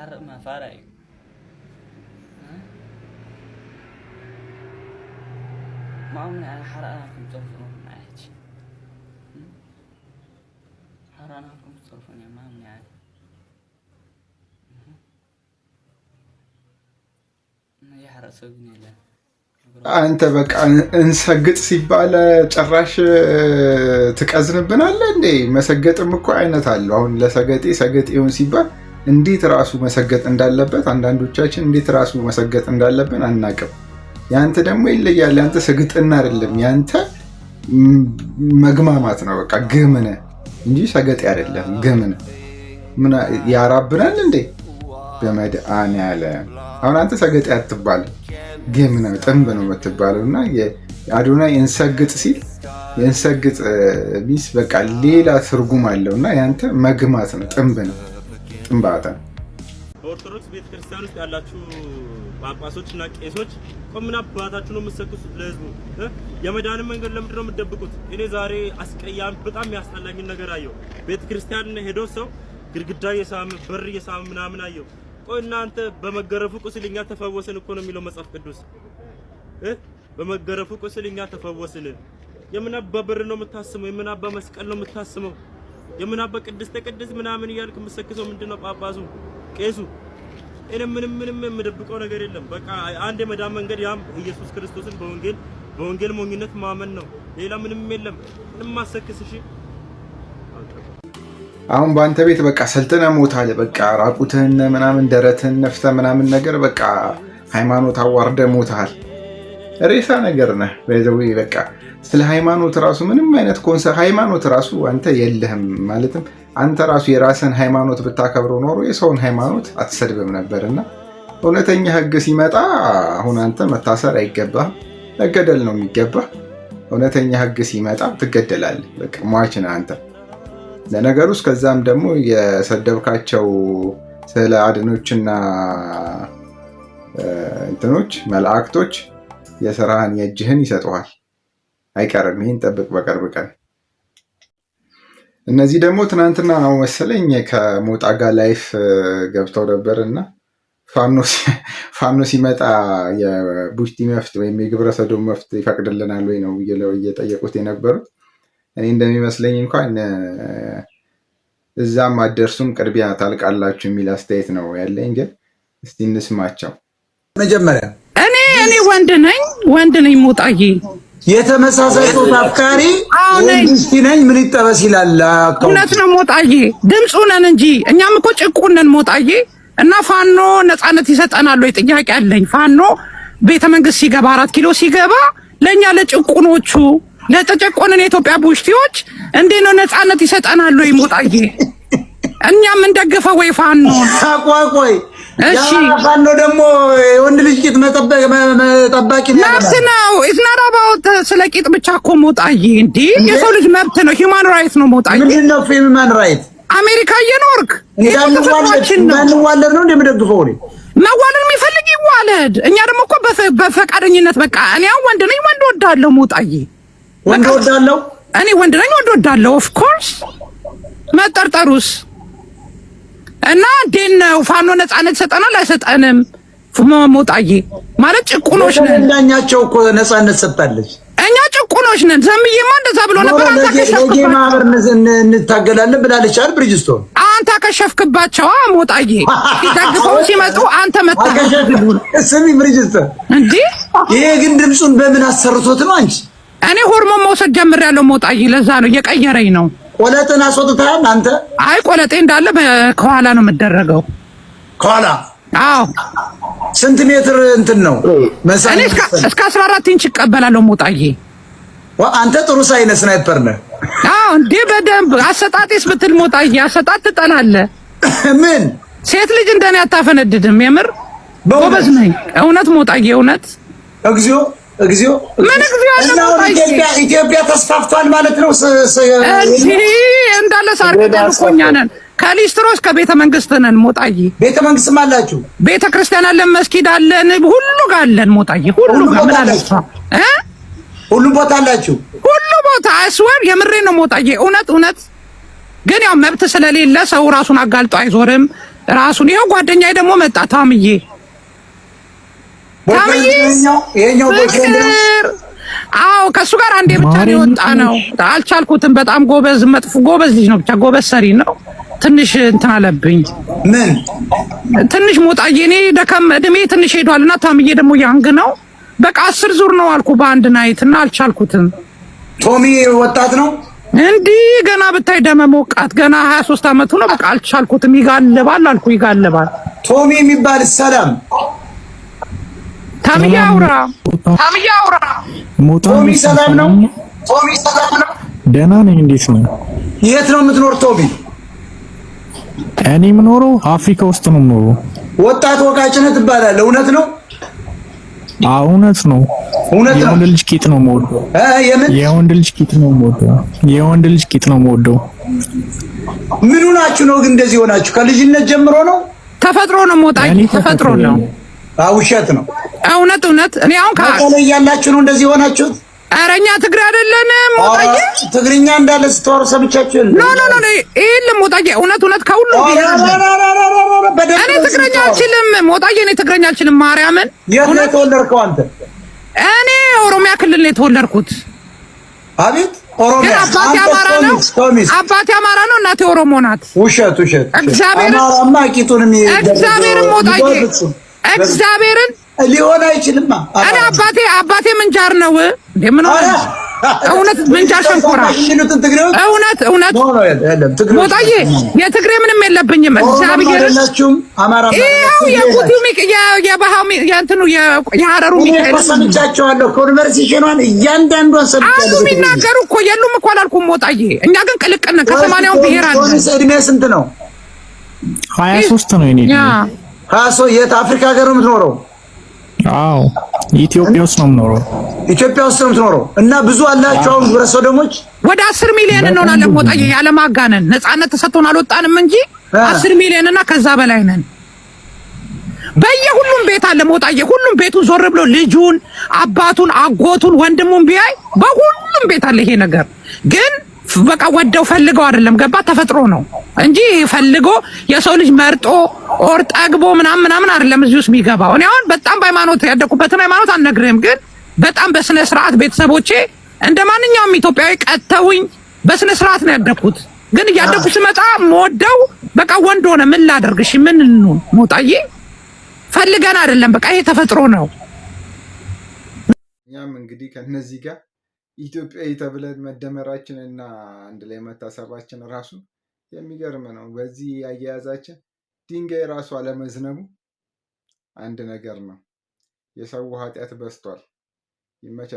ዝሓርቕ መፋራ እዩ ማኦም ናይ ሓረቕናኩም ፀርፉ ማለት ሓረቕናኩም ፀርፉ እ ማ ምንያት አንተ በቃ እንሰግጥ ሲባል ጭራሽ ትቀዝንብናለ እንዴ? መሰገጥም እኮ አይነት አለው። አሁን ለሰገጤ ሰገጤውን ሲባል እንዴት ራሱ መሰገጥ እንዳለበት አንዳንዶቻችን እንዴት ራሱ መሰገጥ እንዳለብን አናቅም። ያንተ ደግሞ ይለያል። ያንተ ሰግጥና አይደለም፣ ያንተ መግማማት ነው። በቃ ግምነ እንጂ ሰገጤ አይደለም፣ ግምነ ያራብናል እንዴ በመድኃኒዓለም አሁን አንተ ሰገጤ አትባል፣ ግምነ ነው ጥንብ ነው የምትባለው። እና አዶናይ እንሰግጥ ሲል የእንሰግጥ ሚስ በቃ ሌላ ትርጉም አለው እና ያንተ መግማት ነው ጥንብ ነው። ጥንባታ በኦርቶዶክስ ቤተክርስቲያን ውስጥ ያላችሁ ጳጳሶችና ቄሶች ምን አባታችሁ ነው የምትሰቅሱት ለህዝቡ የመዳን መንገድ ለምንድን ነው የምትደብቁት? እኔ ዛሬ አስቀያም በጣም ያስጠላኝን ነገር አየሁ። ቤተክርስቲያን ሄዶ ሰው ግድግዳ እየሳመ በር እየሳመ ምናምን አየሁ። ቆይ እናንተ በመገረፉ ቁስል እኛ ተፈወስን እኮ ነው የሚለው መጽሐፍ ቅዱስ። በመገረፉ ቁስል እኛ ተፈወስን። የምናባ በር ነው የምታስመው? የምናባ መስቀል ነው የምታስመው? የምናበ ቅድስተ ቅድስት ምናምን እያልክ የምትሰክሰው ምንድነው? ጳጳሱ ቄሱ። እኔ ምንም ምንም የምደብቀው ነገር የለም። በቃ አንድ የመዳን መንገድ ያም ኢየሱስ ክርስቶስን በወንጌል በወንጌል ሞኝነት ማመን ነው። ሌላ ምንም የለም። ምንም ማሰክስ እሺ። አሁን በአንተ ቤት በቃ ሰልጥነ ሞታል። በቃ ራቁትህን ምናምን ደረትህን ነፍተ ምናምን ነገር በቃ ሃይማኖት አዋርደ ሞታል። ሬሳ ነገር ነህ በቃ ስለ ሃይማኖት ራሱ ምንም አይነት ኮንሰ ሃይማኖት ራሱ አንተ የለህም። ማለትም አንተ ራሱ የራስን ሃይማኖት ብታከብረው ኖሮ የሰውን ሃይማኖት አትሰድብም ነበር እና እውነተኛ ህግ ሲመጣ አሁን አንተ መታሰር አይገባህም፣ መገደል ነው የሚገባ እውነተኛ ህግ ሲመጣ ትገደላለህ። በቃ ሟች ነህ አንተ ለነገሩ ውስጥ ከዛም ደግሞ የሰደብካቸው ስለ አድኖችና እንትኖች መላእክቶች የስራህን የእጅህን ይሰጠዋል። አይቀርም። ይህን ጠብቅ በቅርብ ቀን። እነዚህ ደግሞ ትናንትና ነው መሰለኝ ከሞጣ ጋር ላይፍ ገብተው ነበር እና ፋኖ ሲመጣ የቡሽቲ መፍት ወይም የግብረሰዶ መፍት ይፈቅድልናል ወይ ነው እየጠየቁት የነበሩት። እኔ እንደሚመስለኝ እንኳን እዛም አደርሱም ቅርቢያ ታልቃላችሁ የሚል አስተያየት ነው ያለኝ። ግን እስቲ እንስማቸው። መጀመሪያ እኔ እኔ ወንድ ነኝ ወንድ ነኝ ሞጣዬ የተመሳሳይ ጾታ አፍቃሪ ወንድ ነኝ ምን ይጠበስ ይላል። እውነት ነው ሞጣዬ፣ ድምፁ ነን እንጂ እኛም እኮ ጭቁን ነን ሞጣዬ። እና ፋኖ ነፃነት ይሰጠናል ወይ ጥያቄ አለኝ። ፋኖ ቤተ መንግስት ሲገባ አራት ኪሎ ሲገባ ለእኛ ለጭቁኖቹ ለተጨቆንን የኢትዮጵያ ቡሽቲዎች እንዴ ነው ነፃነት ይሰጠናል ወይ ሞጣዬ? እኛም እንደገፈ ወይ ፋኖ አቋቋይ እሺ ፋኖ ደግሞ የወንድ ልጅ ቂጥ መጠበቅ መጠባቂ መብት ነው። ኢትና ስለ ቂጥ ብቻ እኮ መውጣዬ እንዴ የሰው ልጅ መብት ነው፣ ሂውማን ራይት ነው። ሞጣዬ ምንድን ነው ሂውማን ራይት? አሜሪካ እየኖርክ እንዳንዋለድ ነው እንደምደግፈው ነው መዋለድ የሚፈልግ ይዋለድ። እኛ ደግሞ እኮ በፈቃደኝነት በቃ እኔ አሁን ወንድ ነኝ፣ ወንድ ወዳለሁ። ሞጣዬ ወንድ ወዳለሁ፣ እኔ ወንድ ነኝ፣ ወንድ ወዳለሁ። ኦፍ ኮርስ መጠርጠሩስ እና እንዴት ነው ፋኖ ነጻነት ሰጠናል አይሰጠንም? ሞጣዬ ማለት ጭቁኖች ነን። እንዳኛቸው እኮ ነጻነት ሰጣለች። እኛ ጭቁኖች ነን። ዘምዬማ እንደዛ ብሎ ነበር። አንተ ከሸፍክባቸው ማህበር እንታገላለን ብላለች አይደል? ብርጅስቶን አንተ ከሸፍክባቸው ሞጣዬ ሲደግፈው ሲመጡ አንተ መጣህ። ስሚ ብርጅስቶን እንዴ! ይሄ ግን ድምፁን በምን አሰርቶት ነው አንቺ? እኔ ሆርሞን መውሰድ ጀምሬያለሁ ሞጣዬ። ለዛ ነው እየቀየረኝ ነው ቆለጥን አስወጥተሃል አንተ? አይ ቆለጤ እንዳለ ከኋላ ነው የምደረገው። ከኋላ አዎ። ስንት ሜትር እንትን ነው መሳኔ? እስከ 14 ኢንች ይቀበላለሁ ሞጣዬ አንተ ጥሩ ሳይነ ስናይፐር ነህ። አዎ እንዴ በደንብ አሰጣጤስ ብትል ሞጣዬ፣ አሰጣጥ ትጠላለህ። ምን ሴት ልጅ እንደኔ አታፈነድድም። የምር ጎበዝ ነኝ። እውነት ሞጣዬ፣ እውነት እግዚኦ እግዚኦ ኢትዮጵያ ተስፋፍቷል ማለት ነው እንዳለ ሳርግደን እኮ እኛ ነን። ከሊስትሮ እስከ ቤተ መንግስት ነን ሞጣዬ። ቤተ መንግስትም አላችሁ፣ ቤተ ክርስቲያን አለን፣ መስጊድ አለን፣ ሁሉ ጋር አለን ሞጣዬ። ሁሉ ጋር ምን አለች? ሁሉ ቦታ አላችሁ፣ ሁሉ ቦታ አስወር። የምሬ ነው ሞጣዬ፣ እውነት እውነት። ግን ያው መብት ስለሌለ ሰው ራሱን አጋልጦ አይዞርም። ራሱን ይኸው ጓደኛዬ ደግሞ መጣ ታምዬ አዎ ከእሱ ጋር አንዴ ብቻ ነው የወጣ ነው። አልቻልኩትም። በጣም ጎበዝ መጥፎ ጎበዝ ልጅ ነው። ብቻ ጎበዝ ሰሪ ነው። ትንሽ እንትን አለብኝ። ምን ትንሽ ሞጣዬ፣ እኔ ደከም እድሜ ትንሽ ሄዷል እና ታምዬ ደግሞ ያንግ ነው። በቃ አስር ዙር ነው አልኩ በአንድ ናይት እና አልቻልኩትም። ቶሚ ወጣት ነው እንዲህ ገና ብታይ ደመ ሞቃት ገና 23 ዓመቱ ነው። በቃ አልቻልኩትም። ይጋልባል አልኩ ይጋልባል። ቶሚ የሚባል ሰላም ታምዬ አውራ ታምዬ አውራ። ቶሚ ሰላም ነው? ቶሚ ሰላም ነው? ደህና ነኝ። እንዴት ነው? የት ነው የምትኖር ቶሚ? እኔ የምኖረው አፍሪካ ውስጥ ነው የምኖረው። ወጣት ወቃጭነት ትባላለህ። እውነት ነው? አዎ እውነት ነው። እውነት ነው። የወንድ ልጅ ቂጥ ነው የምወደው። የወንድ ልጅ ቂጥ ነው የምወደው። የወንድ ልጅ ቂጥ ነው የምወደው። ምኑ ናችሁ ነው ግን እንደዚህ ሆናችሁ? ከልጅነት ጀምሮ ነው? ተፈጥሮ ነው። ሞጣኝ ተፈጥሮ ነው። አውሸት ነው እውነት እውነት እኔ አሁን ከመቀሌ እያላችሁ ነው እንደዚህ ሆናችሁት? ኧረ እኛ ትግሬ አይደለንም። ሞጣዬ ትግርኛ እንዳለ ስትወሩ ሰምቻችሁ። ኖ ኖ ኖ ይሄን ሞጣዬ እውነት እውነት ከሁሉ እኔ ትግረኛ አልችልም። ሞጣዬ እኔ ትግረኛ አልችልም። ማርያምን የት ነው የተወለድከው አንተ? እኔ ኦሮሚያ ክልል ነው የተወለድኩት። አቤት ኦሮሚያ አባቴ አማራ ነው። አባቴ አማራ ነው። እናቴ ኦሮሞ ናት። ውሸት ውሸት። እግዚአብሔርን እግዚአብሔርን ሞጣዬ እግዚአብሔርን ሊሆን አይችልም። አረ አባቴ አባቴ ምንጃር ነው እንደምን እውነት ምንጃር ሸንኮራ እውነት እውነት ሞጣዬ የትግሬ ምንም የለብኝም። እግዚአብሔር ይኸው የቁቱ የባሃው የእንትኑ የሀረሩ ሚካኤል ሰምቻቸዋለሁ። ኮንቨርሴሽኗን እያንዳንዷን ሰምቻለሁ። አሉ የሚናገሩ እኮ የሉም እኮ አላልኩም ሞጣዬ። እኛ ግን ቅልቅል ነን። ከሰማንያውን ብሄር አለ። እድሜ ስንት ነው? ሀያ ሶስት ነው የኔ ሀያ ሶስት የት አፍሪካ ሀገር ነው የምትኖረው? አዎ ኢትዮጵያ ውስጥ ነው የምኖረው። ኢትዮጵያ ውስጥ ነው የምትኖረው እና ብዙ አላችሁ አሁን ግብረ ሰዶሞች ወደ አስር ሚሊዮን እንሆናለን። ሞጣዬ ያለማጋነን ነፃነት ተሰጥቶን አልወጣንም እንጂ አስር ሚሊዮን እና ከዛ በላይ ነን። በየሁሉም ቤት አለ ሞጣዬ። ሁሉም ቤቱን ዞር ብሎ ልጁን፣ አባቱን፣ አጎቱን፣ ወንድሙን ቢያይ በሁሉም ቤት አለ ይሄ ነገር ግን በቃ ወደው ፈልገው አይደለም፣ ገባ ተፈጥሮ ነው እንጂ ፈልጎ የሰው ልጅ መርጦ ኦር ጠግቦ ምናምን ምናምን አይደለም እዚህ ውስጥ የሚገባው። እኔ አሁን በጣም በሃይማኖት ያደኩበትን ሃይማኖት አልነግርህም፣ ግን በጣም በስነ ስርዓት ቤተሰቦቼ እንደ ማንኛውም ኢትዮጵያዊ ቀጥተውኝ በስነ ስርዓት ነው ያደኩት። ግን እያደኩ ስመጣ መወደው በቃ ወንድ ሆነ። ምን ላደርግ? እሺ ምን እንሁን? ሞጣዬ ፈልገን አይደለም፣ በቃ ይሄ ተፈጥሮ ነው። እኛም እንግዲህ ከነዚህ ጋር ኢትዮጵያዊ ተብለን መደመራችን እና አንድ ላይ መታሰባችን ራሱ የሚገርም ነው። በዚህ አያያዛችን ድንጋይ ራሱ አለመዝነቡ አንድ ነገር ነው። የሰው ኃጢአት በስቷል። ይመቻቸው።